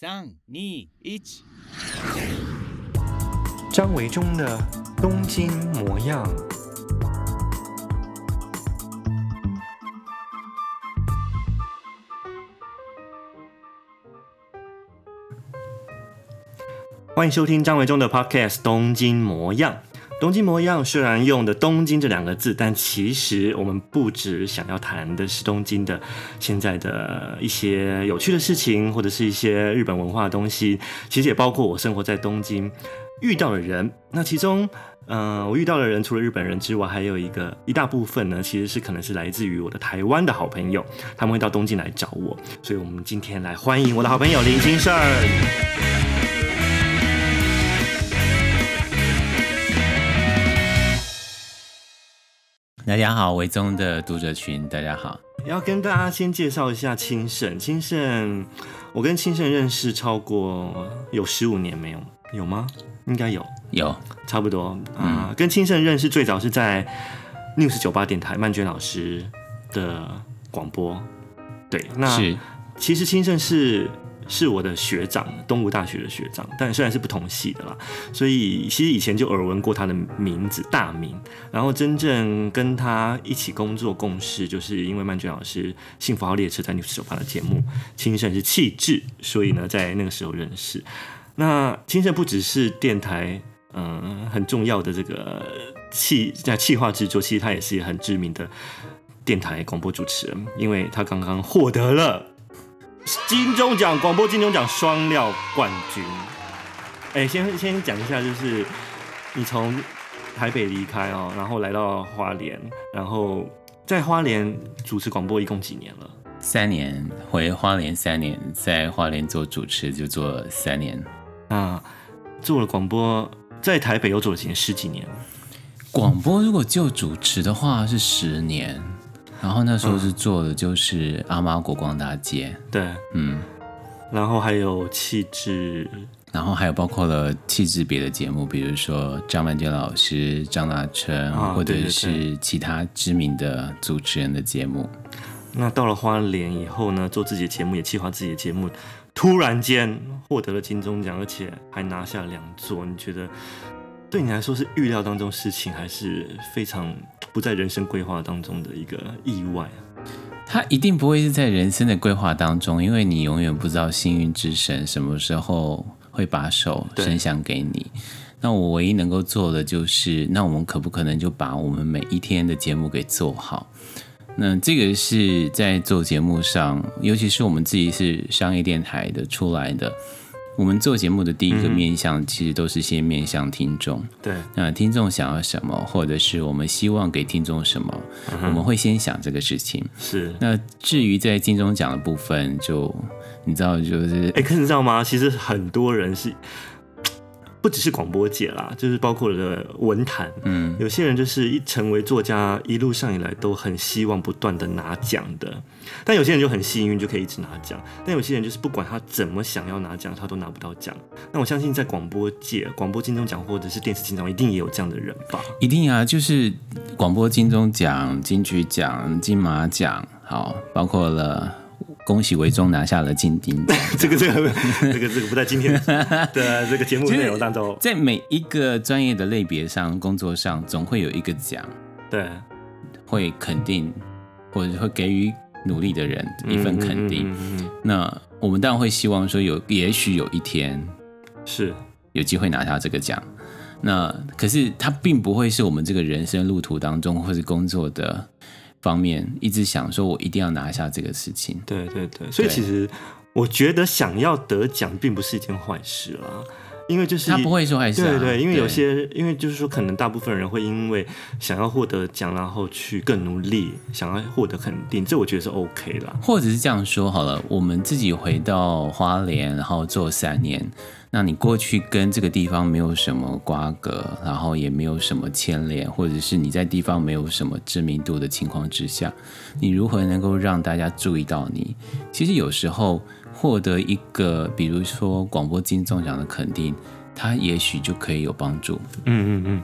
三、二、一。張維中的《東京模樣》，歡迎收聽張維中的 Podcast《東京模樣》。東京模樣雖然用的「東京」這兩個字，但其實我們不只想要談的是東京的現在的一些有趣的事情，或者是一些日本文化的東西。其實也包括我生活在東京遇到的人。那其中，嗯、呃，我遇到的人除了日本人之外，還有一個一大部分呢，其實是可能是來自於我的台灣的好朋友。他們會到東京來找我，所以我們今天來歡迎我的好朋友林清盛。大家好，維宗的讀者群，大家好。要跟大家先介紹一下清盛。清盛，我跟清盛認識超過有十五年，沒有？有嗎？應該有，有，差不多啊。呃嗯、跟清盛認識最早是在 News 98電台曼娟老師的廣播。對，那是其實清盛是。是我的學長，東吳大學的學長，但雖然是不同系的啦，所以其實以前就耳聞過他的名字大名，然後真正跟他一起工作共事，就是因為曼娟老師《幸福號列車》在你首發的節目，清盛是企製，所以呢，在那個時候認識。那清盛不只是電台，嗯、呃，很重要的這個企在企劃製作，其實他也是一個很知名的電台廣播主持人，因為他剛剛獲得了。金鐘獎廣播金鐘獎雙料冠軍，哎、欸，先先講一下，就是你從台北離開哦、喔，然後來到花蓮，然後在花蓮主持廣播一共幾年了？三年，回花蓮三年，在花蓮做主持就做三年。那做了廣播在台北又做了幾年十幾年，廣播如果就主持的話是十年。然後那時候是做的就是阿媽國光大街，嗯、對，嗯，然後還有企劃，然後還有包括了企劃別的節目，比如說張曼娟老師、張大春，啊、對對對，或者是其他知名的主持人的節目。那到了花蓮以後呢，做自己的節目也企劃自己的節目，突然間獲得了金鐘獎，而且還拿下兩座，你覺得？對你來說是預料當中事情，還是非常不在人生規劃當中的一個意外啊？它一定不會是在人生的規劃當中，因為你永遠不知道幸運之神什麼時候會把手伸向給你。對那我唯一能夠做的就是，那我們可不可能就把我們每一天的節目給做好？那這個是在做節目上，尤其是我們自己是商業電台的出來的。我們做節目的第一個面向，其實都是先面向聽眾。嗯、對，那聽眾想要什麼，或者是我們希望給聽眾什麼，嗯、哼我們會先想這個事情。是。那至於在金鐘獎的部分就，就你知道，就是哎，可是你知道嗎？其實很多人是。不只是廣播界啦，就是包括了文壇，嗯，有些人就是一成為作家，一路上以來都很希望不斷的拿獎的，但有些人就很幸運就可以一直拿獎，但有些人就是不管他怎麼想要拿獎，他都拿不到獎。那我相信在廣播界，廣播金鐘獎或者是電視金鐘一定也有這樣的人吧？一定啊，就是廣播金鐘獎、金曲獎、金馬獎，好，包括了。恭喜為中拿下了金鐘。這個這個這個這個不在今天的， 的這個節目內容當中。在每一個專業的類別上、工作上，總會有一個獎，對，會肯定或者會給予努力的人一份肯定。嗯嗯嗯嗯嗯、那我們當然會希望說有，有也許有一天是有機會拿下這個獎。那可是它並不會是我們這個人生路途當中或是工作的。方面一直想說，我一定要拿下這個事情。對對對，對，所以其實我覺得想要得獎並不是一件壞事啦、啊，因為就是他不會說哎、啊，對對，因為有些對因為就是說，可能大部分人會因為想要獲得獎，然後去更努力，想要獲得肯定，這我覺得是 OK 的。或者是這樣說好了，我們自己回到花蓮，然後做三年。那你過去跟這個地方沒有什麼瓜葛，然後也沒有什麼牽連，或者是你在地方沒有什麼知名度的情況之下，你如何能夠讓大家注意到你？其實有時候獲得一個，比如說廣播金鐘獎的肯定，它也許就可以有幫助。嗯嗯嗯，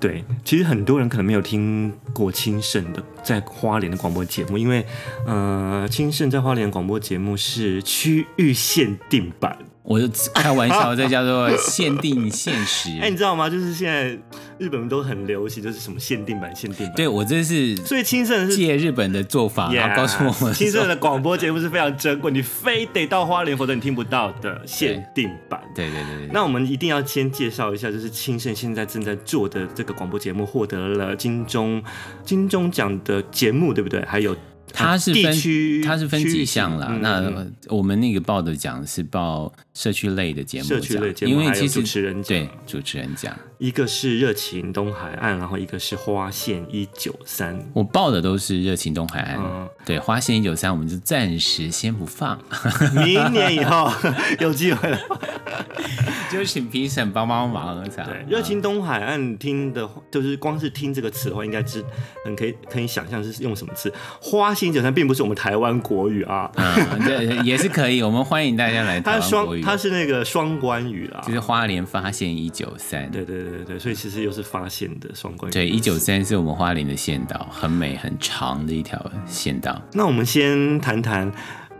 對，其實很多人可能沒有聽過清盛的在花蓮的廣播節目，因為呃，清盛在花蓮廣播節目是區域限定版。我就開玩笑，在叫做限定現實。哎、 欸，你知道嗎？就是現在日本人都很流行，就是什麼限定版、限定版。對，我這是所以清盛是借日本的做法，也 Yeah, 告訴我們，清盛的廣播節目是非常珍貴，你非得到花蓮， 否則你聽不到的限定版。對，對對對對。那我們一定要先介紹一下，就是清盛現在正在做的這個廣播節目，獲得了金鐘金鐘獎的節目，對不對？還有。它是分、啊、區區它是分幾項啦？嗯嗯，那我們那個報的獎是報社區類的節目，社區類節目，因為其實對主持人獎，對主持人獎一個是熱情東海岸，然後一個是花線一九三。我報的都是熱情東海岸，嗯、對花線一九三，我們就暫時先不放， 明年以後有機會了。就請評審幫幫忙才、啊、對。熱情東海岸聽的，就是光是聽這個詞的話，應該知很可以可以想象是用什麼詞。花心九三並不是我們台灣國語啊、嗯，對，也是可以。 我們歡迎大家來台灣國它，雙它是那個雙關語啊，是關語啊，就是花蓮發現一九三。對對對對，所以其實又是發現的雙關語。對，一九三是我們花蓮的縣道，很美很長的一條縣道。那我們先談談。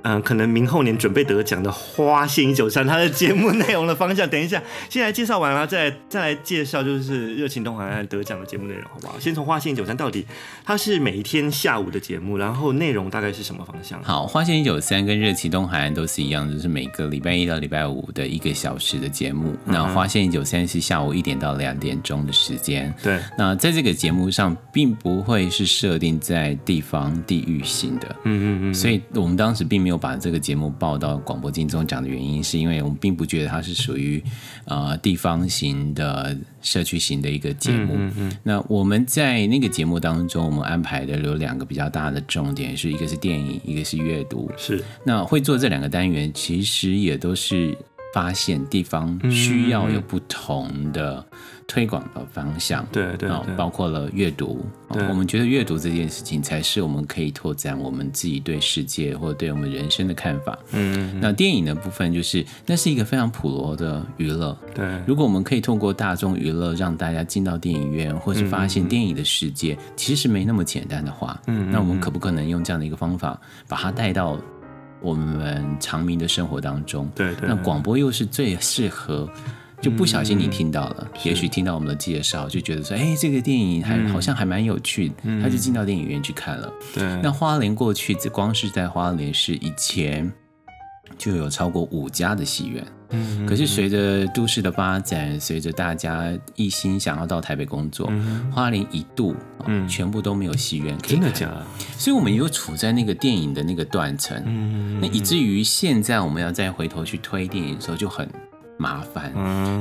嗯、呃，可能明後年準備得獎的《花線一九三》，它的節目內容的方向，等一下，先來介紹完了，再再來介紹，就是《熱情東海岸》得獎的節目內容，好不好？先從《花線一九三》到底它是每一天下午的節目，然後內容大概是什麼方向？好，《花線一九三》跟《熱情東海岸》都是一樣，就是每個禮拜一到禮拜五的一個小時的節目。嗯嗯，那《花線一九三》是下午一點到兩點鐘的時間。對。那在這個節目上，並不會是設定在地方地域性的。嗯嗯嗯。所以我們當時並沒有。沒有把這個節目報到廣播金鐘獎的原因，是因為我們並不覺得它是屬於呃地方型的社區型的一個節目。嗯，嗯，嗯。那我們在那個節目當中，我們安排的有兩個比較大的重點，是一個是電影，一個是閱讀。是。那會做這兩個單元，其實也都是發現地方需要有不同的、嗯。嗯嗯推廣的方向，對對對，包括了閱讀，對對，哦。我們覺得閱讀這件事情才是我們可以拓展我們自己對世界或者對我們人生的看法。嗯,嗯，那電影的部分就是，那是一個非常普羅的娛樂。對，如果我們可以透過大眾娛樂讓大家進到電影院，或是發現電影的世界，嗯嗯嗯，其實沒那麼簡單的話，嗯,嗯,嗯,嗯，那我們可不可能用這樣的一個方法，把它帶到我們常民的生活當中？對對，那廣播又是最適合。就不小心你聽到了，嗯嗯，也許聽到我們的介紹，是就覺得說：“哎、欸，這個電影還好像還蠻有趣的。嗯嗯”他就進到電影院去看了。對。那花蓮過去，只光是在花蓮市以前就有超過五家的戲院。嗯嗯嗯，可是隨着都市的發展，隨着大家一心想要到台北工作，嗯嗯，花蓮一度，哦嗯、全部都沒有戲院可以看。真的假的？所以我們又處在那個電影的那個斷層。嗯嗯嗯嗯，那以至於現在我們要再回頭去推電影的時候，就很。麻煩，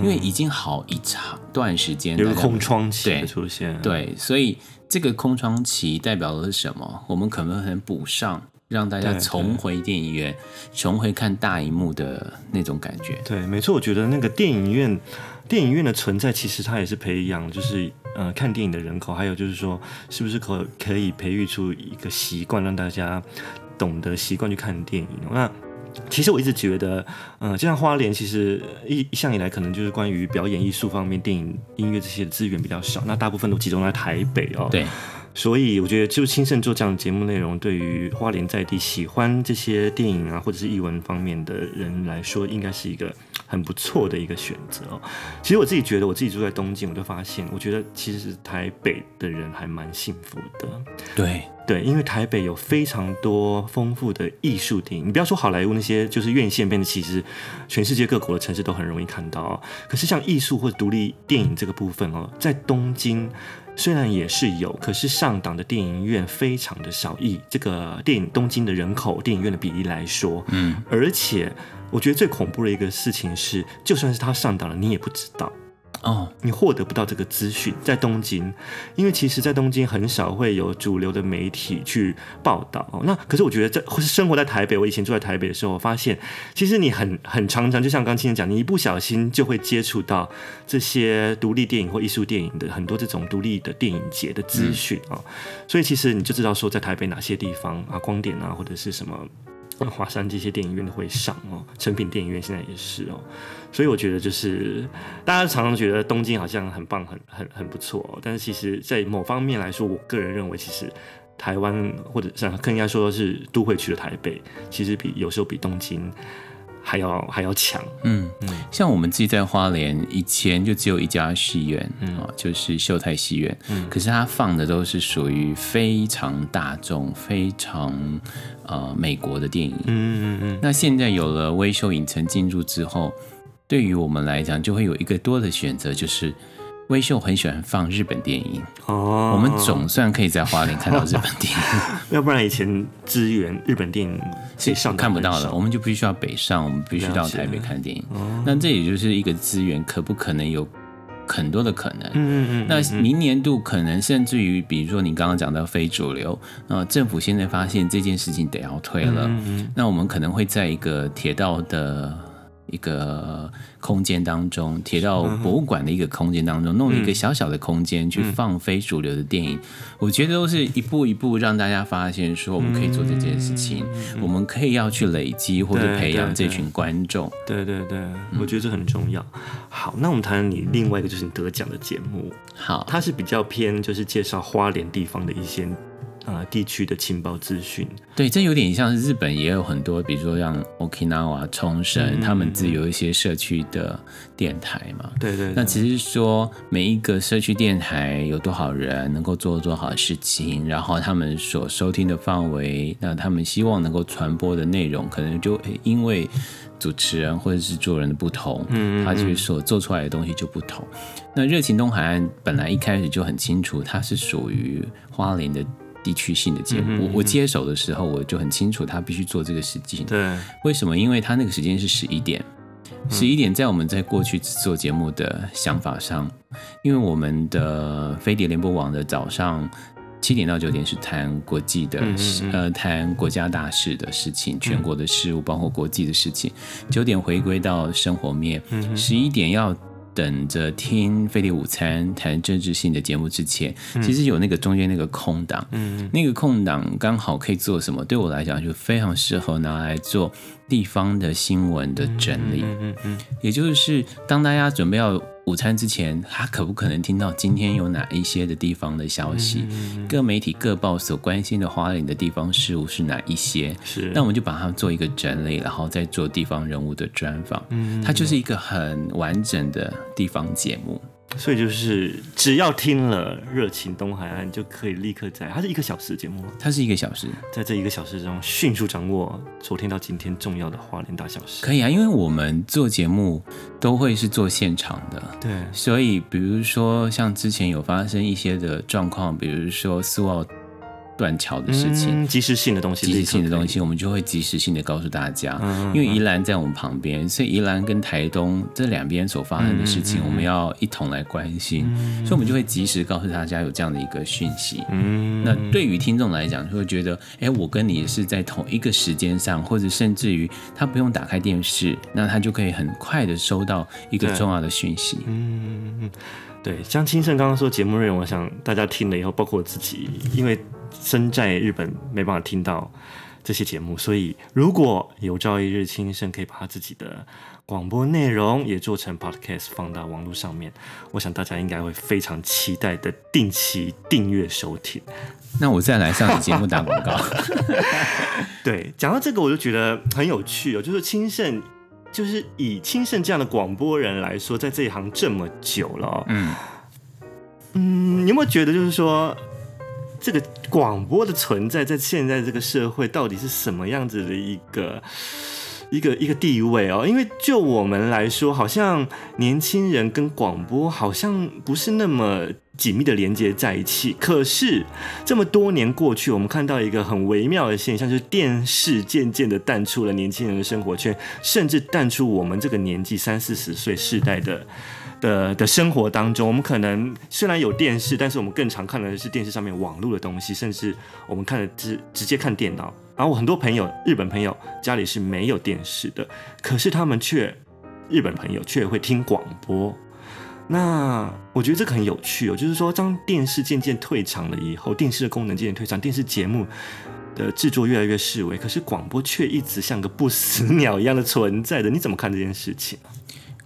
因為已經好一長段時間留、嗯、空窗期的出現。對，對，所以這個空窗期代表的是什麼？我們可能很補上，讓大家重回電影院，對對對，重回看大螢幕的那種感覺。對，沒錯，我覺得那個電影院，電影院的存在其實它也是培養，就是呃，看電影的人口，還有就是說，是不是可可以培育出一個習慣，讓大家懂得習慣去看電影？那。其實我一直覺得，嗯，就像花蓮，其實一一向以來可能就是關於表演藝術方面、電影、音樂這些資源比較少，那大部分都集中在台北哦。對，所以我覺得就清盛做這樣的節目內容，對於花蓮在地喜歡這些電影啊或者是藝文方面的人來說，應該是一個。很不錯的一個選擇哦。其實我自己覺得，我自己住在東京，我就發現，我覺得其實台北的人還蠻幸福的。對對，因為台北有非常多豐富的藝術電影，你不要說好萊塢那些，就是院線變的，其實全世界各國的城市都很容易看到哦，可是像藝術或者獨立電影這個部分哦，在東京。雖然也是有，可是上檔的電影院非常的少。以這個電影東京的人口電影院的比例來說，嗯，而且我覺得最恐怖的一個事情是，就算是他上檔了，你也不知道。哦，oh. 你獲得不到這個資訊，在東京，因為其實，在東京很少會有主流的媒體去報道。那可是我覺得，在，或是生活在台北，我以前住在台北的時候，我發現，其實你很很常常，就像剛清盛講，你一不小心就會接觸到這些獨立電影或藝術電影的很多這種獨立的電影節的資訊啊，嗯、所以其實你就知道說，在台北哪些地方啊，光點啊，或者是什麼。華山這些電影院都會上哦，誠品電影院現在也是哦，所以我覺得就是大家常常覺得東京好像很棒、很很很不錯，但是其實在某方面來說，我個人認為其實台灣或者像更應該說的是都會區的台北，其實比有時候比東京。還要還要搶，嗯嗯，像我們自己在花蓮以前就只有一家戲院，嗯哦，就是秀泰戲院，嗯，可是它放的都是屬於非常大眾、非常、呃、美國的電影，嗯嗯嗯。那現在有了微秀影城進入之後，對於我們來講就會有一個多的選擇，就是。威秀很喜歡放日本電影哦，我們總算可以在花蓮看到日本電影，哦哦哦、要不然以前資源日本電影上是，是看不到了，我們就必須要北上，我們必須到台北看電影。哦、那這也就是一個資源，可不可能有很多的可能？嗯嗯嗯。嗯嗯那明年度可能甚至於，比如說你剛剛講到非主流、呃，政府現在發現這件事情得要退了，嗯嗯嗯、那我們可能會在一個鐵道的。一個空間當中，鐵道博物館的一個空間當中，弄一個小小的空間去放非主流的電影，嗯嗯、我覺得都是一步一步讓大家發現說我們可以做這件事情，嗯嗯、我們可以要去累積或者培養這群觀眾。對對對，嗯、我覺得這很重要。好，那我們談談你另外一個就是你得獎的節目。好，它是比較偏就是介紹花蓮地方的一些。啊，地區的情報資訊，對，這有點像是日本也有很多，比如說像 Okinawa、沖繩，他們自己有一些社區的電台嘛。對對、嗯。嗯、那其實說每一個社區電台有多少人能夠做做好事情，然後他們所收聽的範圍，那他們希望能夠傳播的內容，可能就因為主持人或者是做人的不同，嗯他其實所做出來的東西就不同。嗯嗯、那熱情東海岸本來一開始就很清楚，它是屬於花蓮的。地區性的節目，嗯嗯、我接手的時候，我就很清楚，他必須做這個事情。對，為什麼？因為他那個時間是十一點，十一點在我們在過去做節目的想法上，嗯、因為我們的飛碟聯播網的早上七點到九點是談國際的事，嗯嗯嗯、呃，談國家大事的事情，全國的事務，包括國際的事情。九點回歸到生活面，十一、嗯嗯、點要。等着聽《飛碟午餐》談政治性的節目之前，其實有那個中間那個空檔，嗯，那個空檔剛好可以做什麼？對我來講就非常適合拿來做。地方的新聞的整理，嗯嗯嗯嗯、也就是當大家準備要午餐之前，他可不可能聽到今天有哪一些的地方的消息？嗯嗯嗯嗯、各媒體各報所關心的花蓮的地方事務是哪一些？是，那我們就把它做一個整理，然後再做地方人物的專訪，嗯，它就是一個很完整的地方節目。嗯嗯嗯所以就是，只要聽了《熱情東海岸》，就可以立刻在。它是一個小時節目，它是一個小時，在這一個小時中迅速掌握昨天到今天重要的花蓮大小事。可以啊，因為我們做節目都會是做現場的，對。所以，比如說像之前有發生一些的狀況，比如說蘇澳。斷橋的事情，及、嗯、時性的東西，及時性的東西，我們就會及時性的告訴大家。嗯、因為宜蘭在我們旁邊，嗯、所以宜蘭跟台東這兩邊所發生的事情，我們要一同來關心，嗯嗯、所以我們就會及時告訴大家有這樣的一個訊息。嗯、那對於聽眾來講，就會覺得，哎、欸，我跟你是在同一個時間上，或者甚至於他不用打開電視，那他就可以很快的收到一個重要的訊息、啊。嗯，對，像清盛剛剛說節目內容，我想大家聽了以後，包括我自己，因為。身在日本沒辦法聽到這些節目，所以如果有朝一日清盛可以把他自己的廣播內容也做成 podcast 放到網絡上面，我想大家應該會非常期待的定期訂閱收聽。那我再來上節目打廣告。 對，講到這個我就覺得很有趣哦，就是清盛，就是以清盛這樣的廣播人來說，在這一行這麼久了，嗯嗯，你有沒有覺得就是說，這個廣播的存在，在現在這個社會，到底是什麼樣子的一個一個一個地位哦？因為就我們來說，好像年輕人跟廣播好像不是那麼緊密的連接在一起。可是這麼多年過去，我們看到一個很微妙的現象，就是電視漸漸的淡出了年輕人的生活圈，甚至淡出我們這個年紀三四十歲世代的的的生活當中。我們可能雖然有電視，但是我們更常看的是電視上面網絡的東西，甚至我們看的直直接看電腦。然後我很多朋友，日本朋友家裡是沒有電視的，可是他們卻日本朋友卻會聽廣播。那我覺得這個很有趣哦，就是說，當電視漸漸退場了以後，電視的功能漸漸退場，電視節目的制作越來越式微，可是廣播卻一直像個不死鳥一樣的存在的，你怎麼看這件事情？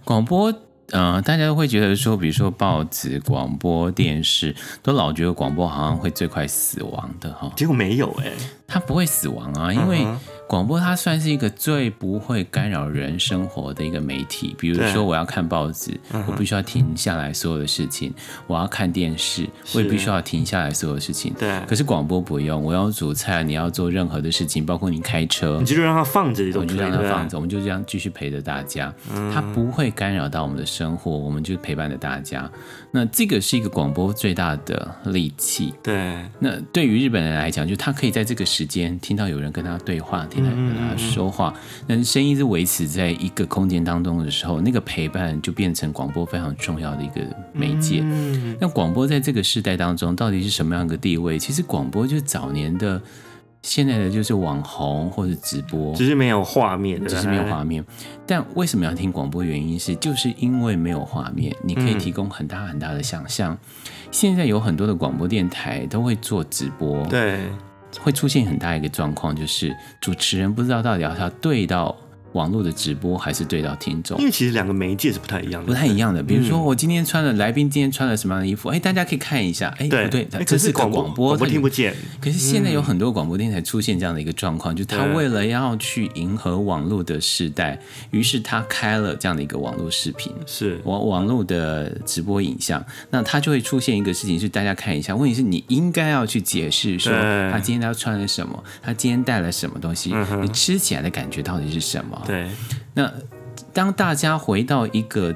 廣播，呃，大家都會覺得說，比如說報紙、廣播電視，都老覺得廣播好像會最快死亡的哈、哦，結果沒有哎、欸，它不會死亡啊，因為。嗯廣播它算是一個最不會干擾人生活的一個媒體。比如說，我要看報紙，我必須要停下來所有的事情；我要看電視，我也必須要停下來所有的事情。對。可是廣播不用，我要煮菜，你要做任何的事情，包括你開車，你就讓它放着，我就讓它放着，對。我們就這樣繼續陪着大家。嗯。它不會干擾到我們的生活，我們就陪伴着大家。那這個是一個廣播最大的利器。對。那對於日本人來講，就他可以在這個時間聽到有人跟他對話。來跟他說話，但是聲音是維持在一個空間當中的時候，那個陪伴就變成廣播非常重要的一個媒介。嗯、那廣播在這個時代當中到底是什麼樣一個地位？其實廣播就是早年的、現在的就是網紅或者直播，只是沒有畫面，只是沒有畫面。哎、但為什麼要聽廣播？原因是就是因為沒有畫面，你可以提供很大很大的想象。嗯、現在有很多的廣播電台都會做直播，對。會出現很大一個狀況，就是主持人不知道到底要他對到網絡的直播還是對到聽眾，因為其實兩個媒介是不太一樣的，不太一樣的。比如說我今天穿了，來賓今天穿了什麼樣的衣服，哎，大家可以看一下，哎，不對，可是廣播他聽不見。可是現在有很多廣播電台出現這樣的一個狀況，就他為了要去迎合網絡的時代，於是他開了這樣的一個網絡視頻，是網網絡的直播影像，那他就會出現一個事情，是大家看一下，問題是你應該要去解釋說他今天他穿了什麼，他今天帶了什麼東西，你吃起來的感覺到底是什麼？對，那當大家回到一個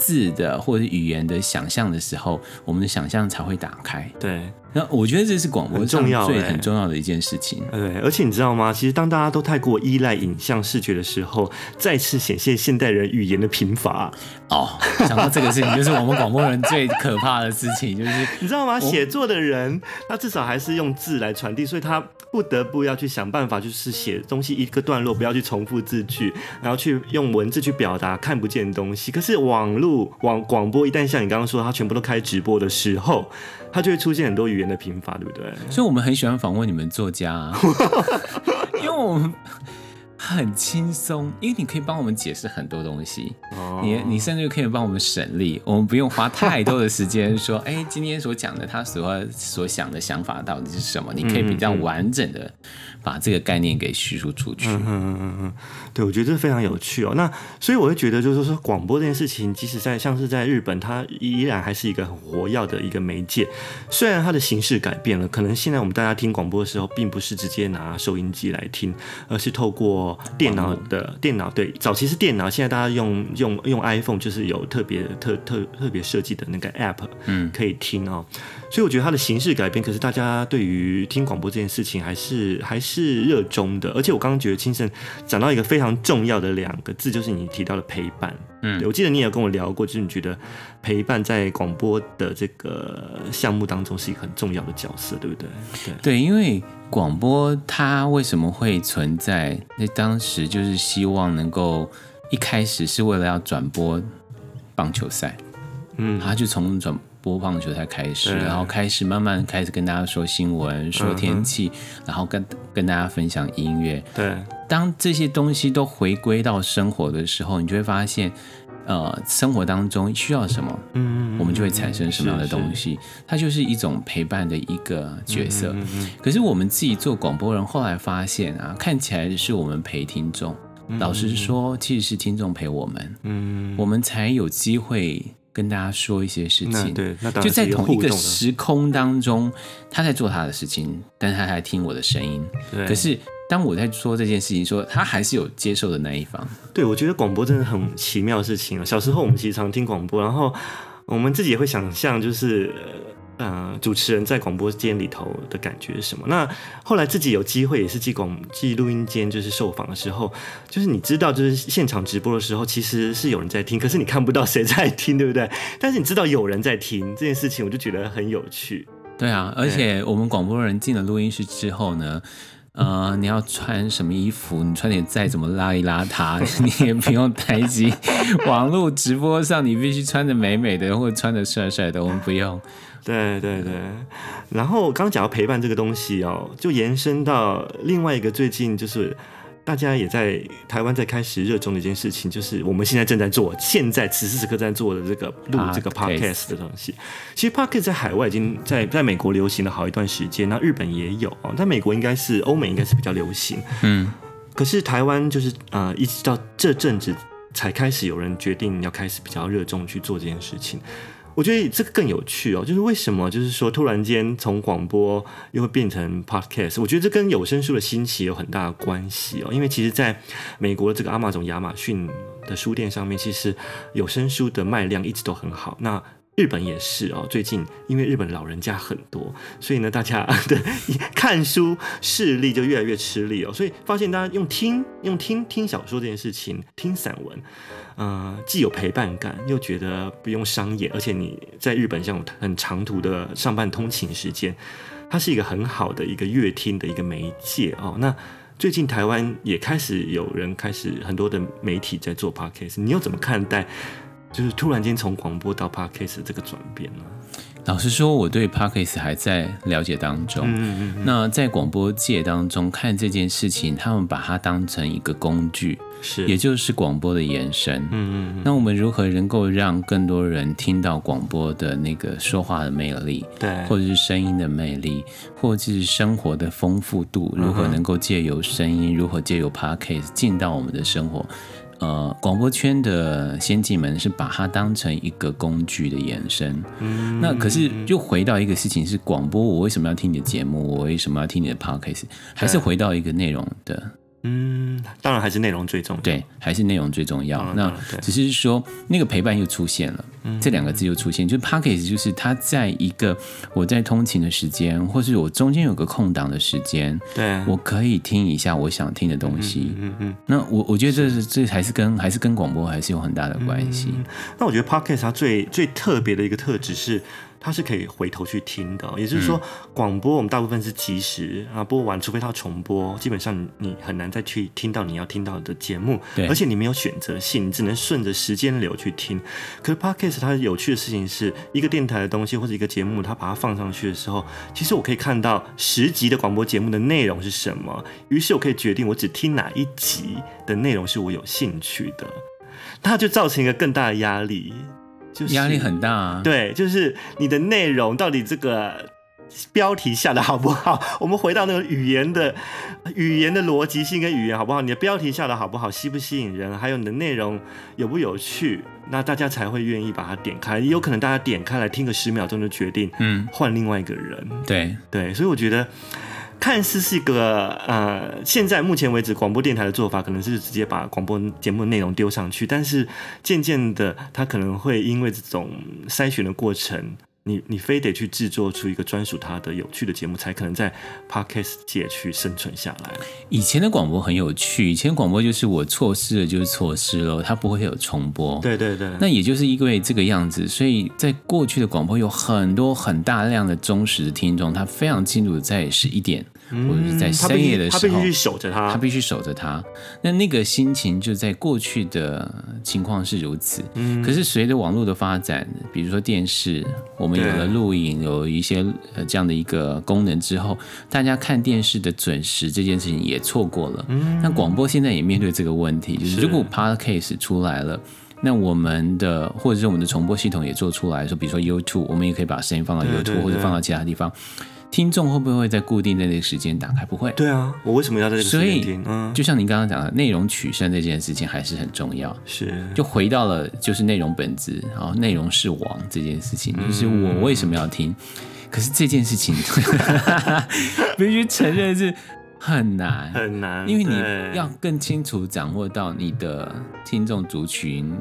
字的，或者語言的想象的時候，我們的想象才會打開。對。那我覺得這是廣播最很重要的一件事情、欸。對，而且你知道嗎？其實當大家都太過依賴影像視覺的時候，再次顯現現，現代人語言的貧乏。哦，想到這個事情，就是我們廣播人最可怕的事情， 就是你知道嗎？我寫作的人，他至少還是用字來傳遞，所以他不得不要去想辦法，就是寫東西一個段落不要去重複字句，然後去用文字去表達看不見東西。可是網絡網廣播一旦像你剛剛說，他全部都開直播的時候。它就會出現很多語言的拼法，對不對？所以，我們很喜歡訪問你們作家啊， 因為我們很輕鬆，因為你可以幫我們解釋很多東西。你你甚至可以幫我們省力，我們不用花太多的時間說，哎、欸，今天所講的他所所想的想法到底是什麼？嗯、你可以比較完整的把這個概念給敘述出去。嗯嗯嗯嗯，對，我覺得這非常有趣哦。那所以我會覺得就是說廣播這件事情，即使在像是在日本，它依然還是一個很活躍的一個媒介。雖然它的形式改變了，可能現在我們大家聽廣播的時候，並不是直接拿收音機來聽，而是透過電腦的、哦、電腦，對，早期是電腦，現在大家用用。用 iPhone 就是有特別特特特別設計的那個 App，嗯，可以聽哦，嗯、所以我覺得它的形式改變，可是大家對於聽廣播這件事情還是還是熱衷的。而且我剛剛覺得清盛講到一個非常重要的兩個字，就是你提到的陪伴，嗯，我記得你也跟我聊過，就是你覺得陪伴在廣播的這個項目當中是一個很重要的角色，對不對？對對，因為廣播它為什麼會存在，在？那當時就是希望能夠。一開始是為了要轉播棒球賽，嗯，他就從轉播棒球賽開始，對，然後開始慢慢開始跟大家說新聞、說天氣，嗯嗯，然後跟跟大家分享音樂。對，當這些東西都回歸到生活的時候，你就會發現，呃，生活當中需要什麼，嗯，嗯，嗯，我們就會產生什麼樣的東西。是是，它就是一種陪伴的一個角色。嗯嗯嗯嗯，可是我們自己做廣播人，後來發現啊，看起來是我們陪聽眾。嗯、老實說，其實是聽眾陪我們，嗯，我們才有機會跟大家說一些事情。那對，那當然。就在同一個時空當中，他在做他的事情，但他還在聽我的聲音。對，可是當我在說這件事情說，說他還是有接受的那一方。對，我覺得廣播真的很奇妙的事情啊！小時候我們其實常聽廣播，然後我們自己也會想象，就是。呃，主持人在廣播間裡頭的感覺是什麼？那後來自己有機會也是進廣進錄音間，就是受訪的時候，就是你知道，就是現場直播的時候，其實是有人在聽，可是你看不到誰在聽，對不對？但是你知道有人在聽這件事情，我就覺得很有趣。對啊，而且我們廣播人進了錄音室之後呢，哎、呃，你要穿什麼衣服？你穿點再怎麼邋裡邋遢， 你也不用擔心。網絡直播上你必須穿得美美的或者穿得帥帥的，我們不用。對對對，然後剛講到陪伴這個東西哦，就延伸到另外一個最近就是大家也在台灣在開始熱衷的一件事情，就是我們現在正在做，現在此時此刻在做的這個錄這個 podcast 的東西。其實 podcast 在海外已經在，在在美國流行了好一段時間，那日本也有哦，但美國應該是歐美應該是比較流行。嗯，可是台灣就是啊、呃，一直到這陣子才開始有人決定要開始比較熱衷去做這件事情。我覺得這個更有趣哦，就是為什麼就是說突然間從廣播又會變成 podcast？我覺得這跟有聲書的興起有很大的關係哦，因為其實在美國的這個 Amazon 亞馬遜的書店上面，其實有聲書的賣量一直都很好。那日本也是哦，最近因為日本老人家很多，所以呢，大家的 看書視力就越來越吃力哦。所以發現大家用聽用聽聽小說這件事情，聽散文，嗯、呃，既有陪伴感，又覺得不用傷眼。而且你在日本像很長途的上班通勤時間，它是一個很好的一個閱聽的一個媒介哦。那最近台灣也開始有人開始很多的媒體在做 Podcast 你又怎麼看待？就是突然間從廣播到 podcast 這個轉變了。老實說，我對 podcast 還在了解當中。嗯嗯嗯。那在廣播界當中看這件事情，他們把它當成一個工具，是，也就是廣播的延伸。嗯嗯嗯。那我們如何能夠讓更多人聽到廣播的那個說話的魅力？對。或者是聲音的魅力，或者是生活的豐富度，如何能夠借由聲音，嗯哼。如何借由 podcast 進到我們的生活？呃，廣播圈的先進們是把它當成一個工具的延伸。Mm hmm. 那可是又回到一個事情是廣播，我為什麼要聽你的節目？我為什麼要聽你的 podcast？還是回到一個內容的。Yeah. 嗯，當然還是內容最重要。對，還是內容最重要。嗯嗯、那只是說，那個陪伴又出現了，嗯、這兩個字又出現，就是 podcast 就是它在一個我在通勤的時間，或是我中間有個空檔的時間，對，我可以聽一下我想聽的東西。嗯嗯。嗯嗯，那我我覺得這是這還是跟還是跟廣播還是有很大的關係、嗯。那我覺得 podcast 它最最特別的一個特質是。它是可以回頭去聽的，也就是說，廣播我們大部分是即時啊、嗯、播完，除非它重播，基本上你很難再去聽到你要聽到的節目，對而且你沒有選擇性，你只能順着時間流去聽。可是 Podcast 它有趣的事情是一個電台的東西或者一個節目，它把它放上去的時候，其實我可以看到十集的廣播節目的內容是什麼，於是我可以決定我只聽哪一集的內容是我有興趣的，它就造成一個更大的壓力。就是、壓力很大啊，對，就是你的內容到底這個標題下的好不好？我們回到那個語言的，語言的邏輯性跟語言好不好？你的標題下的好不好？吸不吸引人？還有你的內容有不有趣？那大家才會願意把它點開。有可能大家點開來聽個十秒鐘就決定，嗯，換另外一個人，嗯、對對。所以我覺得。看似是一個呃，現在目前為止廣播電台的做法可能是直接把廣播節目的內容丟上去，但是漸漸的，它可能會因為這種篩選的過程。你你非得去製作出一個專屬他的有趣的節目，才可能在 Podcast 界，去生存下來。以前的廣播很有趣，以前的廣播就是我錯失了就是錯失了，它不會有重播。對對對，那也就是因為這個樣子，所以在過去的廣播有很多很大量的忠實的聽眾，他非常清楚的在十一點。或者是在深夜的時候，他必須守着他，他必須守着他，他，他。那那個心情就在過去的情況是如此。嗯，可是隨着網絡的發展，比如說電視，我們有了錄影，對有一些這樣的一個功能之後，大家看電視的準時這件事情也錯過了。嗯，那廣播現在也面對這個問題，就是如果 podcast 出來了，是那我們的或者是我們的重播系統也做出來，說比如說 YouTube，我們也可以把聲音放到 YouTube 或者放到其他地方。聽眾會不會在固定的那個時間打開？還不會。對啊，我為什麼要在這個時間聽？嗯，就像您剛剛講的，內容取勝這件事情還是很重要。是，就回到了就是內容本質，然後內容是王這件事情，嗯、就是我為什麼要聽？可是這件事情 必須承認是很難很難，因為你要更清楚掌握到你的聽眾族群，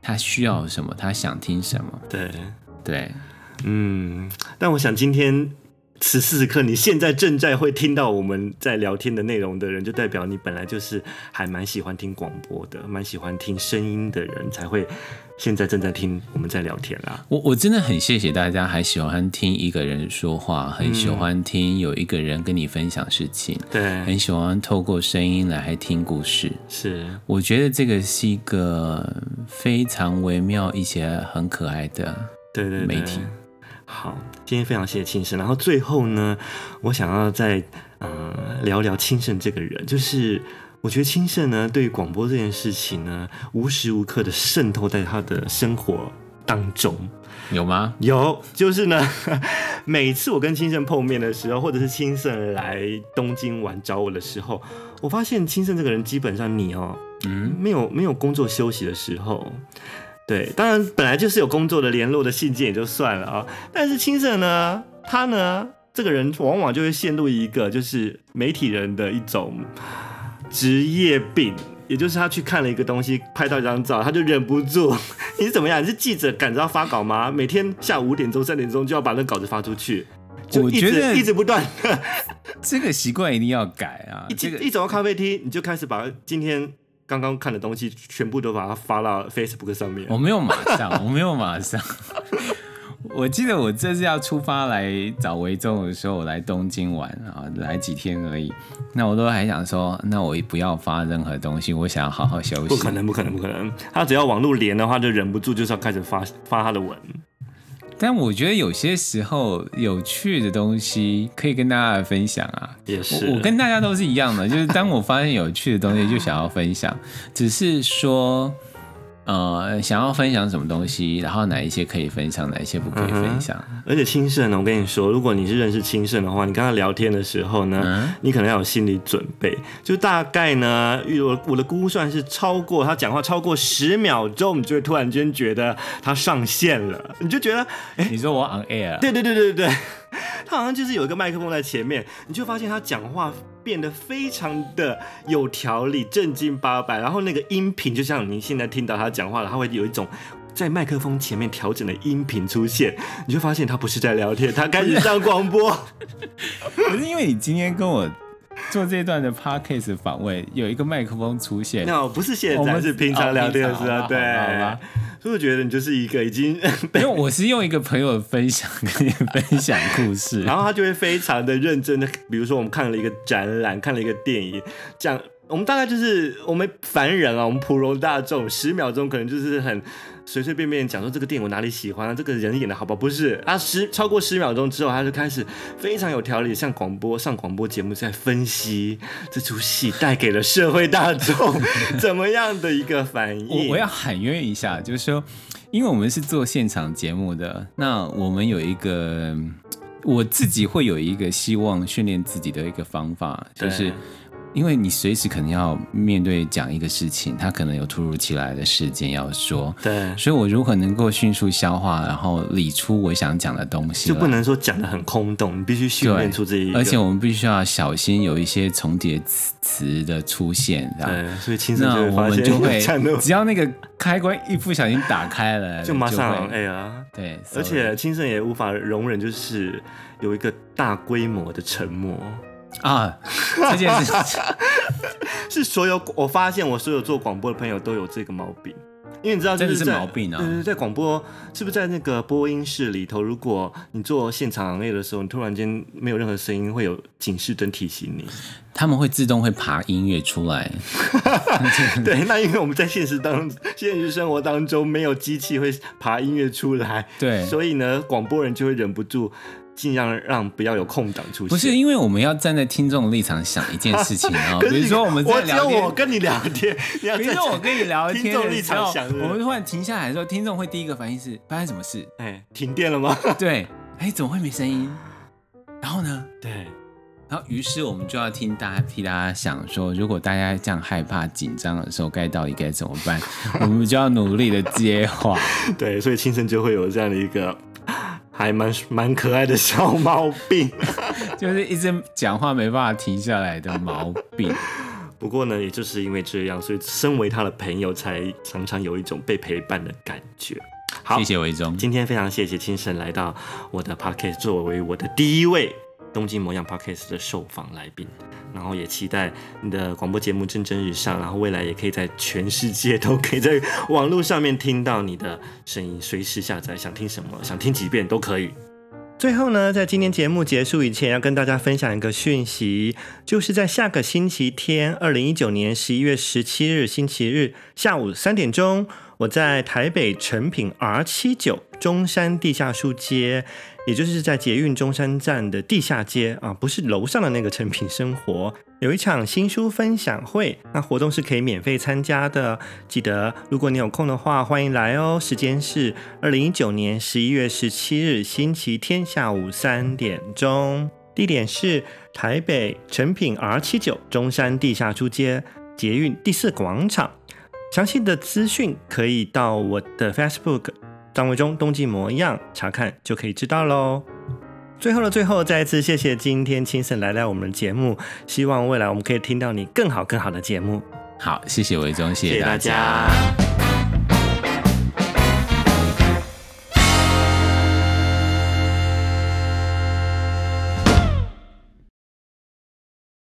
他需要什麼，他想聽什麼。對對，對嗯。但我想今天。此時此刻，你現在正在會聽到我們在聊天的內容的人，就代表你本來就是還蠻喜歡聽廣播的，蠻喜歡聽聲音的人才會現在正在聽我們在聊天啦、啊。我我真的很謝謝大家，還喜歡聽一個人說話，很喜歡聽有一個人跟你分享事情，嗯、對，很喜歡透過聲音來，來聽故事。是，我覺得這個是一個非常微妙、一些很可愛的，對對媒體。對對對。好，今天非常謝謝清盛。然後最後呢，我想要再呃聊聊清盛這個人，就是我覺得清盛呢，對於廣播這件事情呢，無時無刻的滲透在他的生活當中，有嗎？有，就是呢，每次我跟清盛碰面的時候，或者是清盛來東京玩找我的時候，我發現清盛這個人基本上，你哦，嗯，沒有沒有工作休息的時候。對，當然本來就是有工作的聯絡的信件也就算了啊、哦。但是清盛呢，他呢，這個人往往就會陷入一個就是媒體人的一種職業病，也就是他去看了一個東西，拍到一張照，他就忍不住。你是怎麼樣？你是記者趕着要發稿嗎？每天下午五點鐘、三點鐘就要把那稿子發出去，就一直，我覺得一直不斷，這個習慣一定要改啊。一、這個、一走到咖啡廳，你就開始把今天剛剛看的東西全部都把它發到 Facebook 上面。我沒有馬上，我沒有馬上。 我記得我這次要出發來找維仲的時候，我來東京玩啊，來幾天而已。那我都還想說，那我也不要發任何東西，我想要好好休息。不可能，不可能，不可能。他只要網絡連的話，就忍不住就是要開始發發他的文。但我覺得有些時候有趣的東西可以跟大家分享啊，也是我，我跟大家都是一樣的，就是當我發現有趣的東西就想要分享，只是說。呃，想要分享什麼東西，然後哪一些可以分享，哪一些不可以分享。嗯啊、而且清盛呢，我跟你說，如果你是認識清盛的話，你跟他聊天的時候呢，嗯、你可能要有心理準備。就大概呢，我我的估算是超過他講話超過十秒鐘，你就會突然間覺得他上線了，你就覺得，哎，你說我 on air？對，對對對對對。他好像就是有一個麥克風在前面，你就發現他講話變得非常的有條理、正經八百，然後那個音頻就像你現在聽到他講話了，他會有一種在麥克風前面調整的音頻出現，你就發現他不是在聊天，他開始上廣播。 不是因為你今天跟我做這段的 podcast 訪問，有一個麥克風出現，那我不是現在，們是平常聊天的時候，對。是不是覺得你就是一個已經？因為我是用一個朋友分享跟你分享故事，然後他就會非常的認真的。比如說，我們看了一個展覽，看了一個電影，這樣。我們大概就是我們凡人啊，我們普羅大眾，十秒鐘可能就是很隨隨便便便講說這個電影我哪裡喜歡啊，這個人演的好不好？不是啊，十超過十秒鐘之後，他就開始非常有條理，像廣播上廣播節目在分析這齣戲帶給了社會大眾 怎麼樣的一個反應。我我要喊冤一下，就是說，因為我們是做現場節目的，那我們有一個我自己會有一個希望訓練自己的一個方法，就是。因為你隨時可能要面對講一個事情，他可能有突如其來的事件要說，對，所以我如何能夠迅速消化，然後理出我想講的東西，就不能說講得很空洞，你必須訓練出這一個，而且我們必須要小心有一些重疊詞的出現，對，樣對，所以清盛就會，就會 只要那個開關一不小心打開了，就馬上，上就會哎呀，對，而且清盛也無法容忍，就是有一個大規模的沉默。啊，這件事情 是所有我發現我所有做廣播的朋友都有這個毛病，因為你知道，真的是毛病啊！對對，在廣播是不是在那個播音室裡頭？如果你做現場行業的時候，你突然間沒有任何聲音，會有警示燈提醒你，他們會自動會爬音樂出來。 對，那因為我們在現實當中現實生活當中沒有機器會爬音樂出來，對，所以呢，廣播人就會忍不住。盡量讓不要有空檔出現。不是因為我們要站在聽眾的立場想一件事情哦。啊、跟跟比如說我們在聊天，我，我跟你聊天，如說 我跟你聊天。聽眾立場想，我們突然停下來的時候，聽眾會第一個反應是：發生什麼事？哎、欸，停電了嗎？對，哎、欸，怎麼會沒聲音？然後呢？對，然後於是我們就要聽大家替大家想說，如果大家這樣害怕、緊張的時候，該到底該怎麼辦？ 我們就要努力的接話。對，所以清盛就會有這樣的一個。還蠻蠻可愛的小毛病， 就是一直講話沒辦法停下來的毛病。 不過呢，也就是因為這樣，所以身為他的朋友，才常常有一種被陪伴的感覺。好，謝謝維中，今天非常謝謝清盛來到我的 Podcast 作為我的第一位，東京模樣 Podcast 的受訪來賓，然後也期待你的廣播節目蒸蒸日上，然後未來也可以在全世界都可以在網絡上面聽到你的聲音，隨時下載，想聽什麼，想聽幾遍都可以。最後呢，在今天節目結束以前，要跟大家分享一個訊息，就是在下個星期天，二零一九年十一月十七日星期日下午三點鐘，我在台北誠品 R 七九中山地下書街，也就是在捷運中山站的地下街啊，不是樓上的那個誠品生活。有一場新書分享會，那活動是可以免費參加的。記得，如果你有空的話，歡迎來哦。時間是二零一九年十一月十七日星期天下午三點鐘，地點是台北誠品 R 七九中山地下書街捷運第四廣場。詳細的資訊可以到我的 Facebook 帳號中“東京模樣”查看，就可以知道嘍。最後的最後，再一次謝謝今天清盛來到我們的節目，希望未來我們可以聽到你更好、更好的節目。好，謝謝維中，謝謝大家。謝謝大家。